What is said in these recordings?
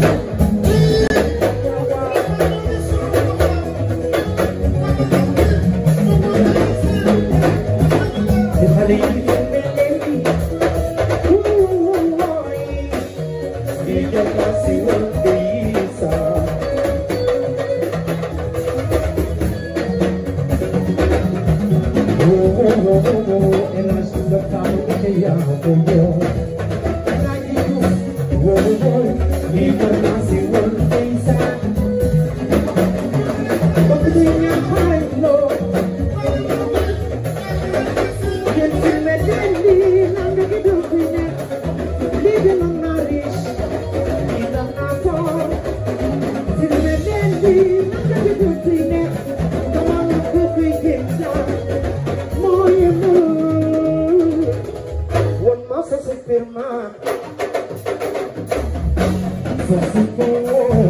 Thank you. lii Gracias.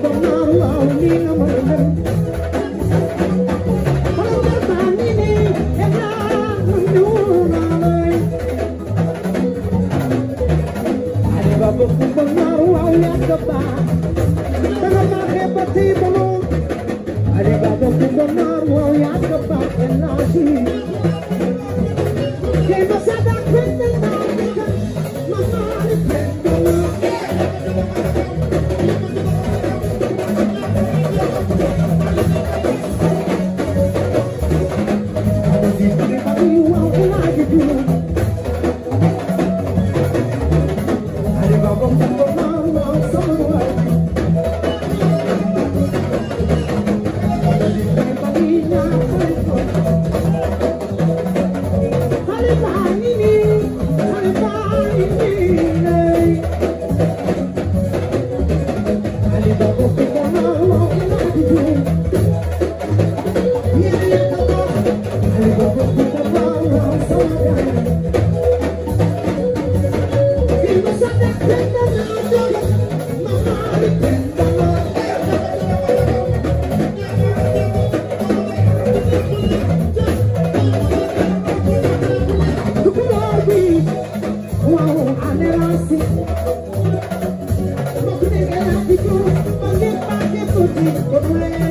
Con un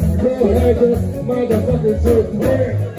Go ahead, motherfucking shit. Yeah.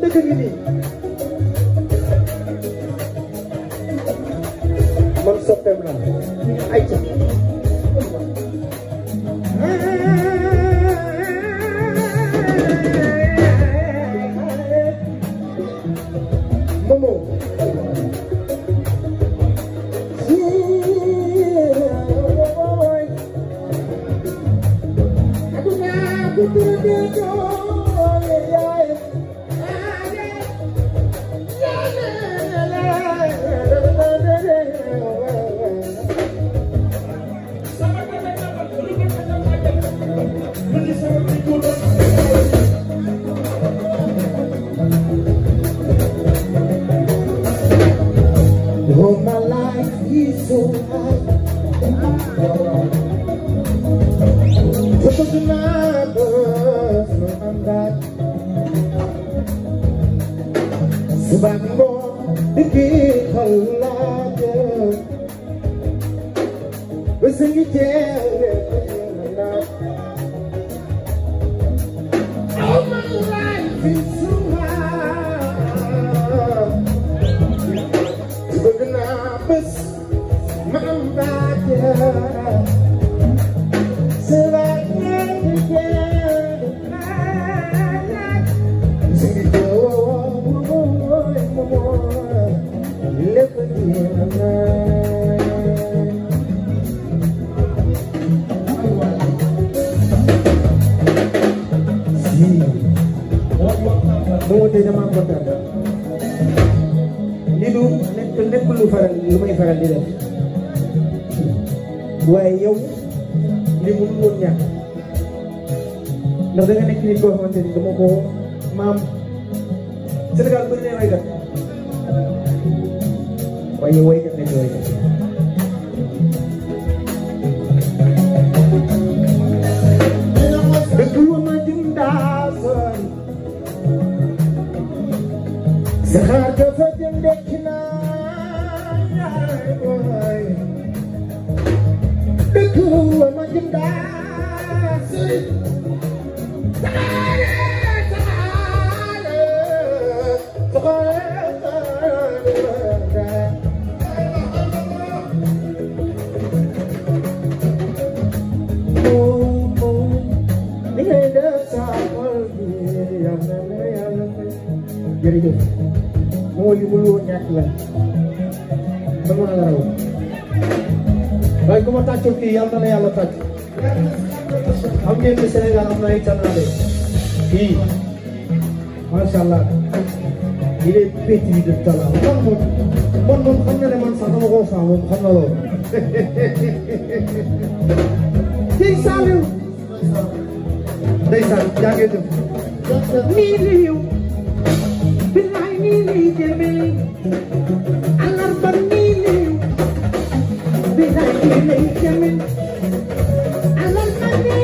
kon dëkk gi nii man soppeem la ay ca Thank you. to my birth, no, I'm not. Subango, ikikalaje, wesengi jere. muy faral lu may faral di def waaye yow li mu woon ñàkk ndax da nga nekk nit koo xamante ni dama ko maam Sénégal bëri na waykat waaye waykat nekk waykat Saxaar dafa jërëjëf moo li mu woon ñàkk la dama la raw waaye ku ma tàccu kii yàlla na la yàlla tàcc xam ngeen ne Sénégal am na ay tànnale kii macha allah il est pétri de talent man moom man moom xam man sax dama koo faa moom xam na loolu kii Saliou ndeysaan jàngee def nii liiw billaay nii lii demee alarba nii liiw billaay nii lii demee alarba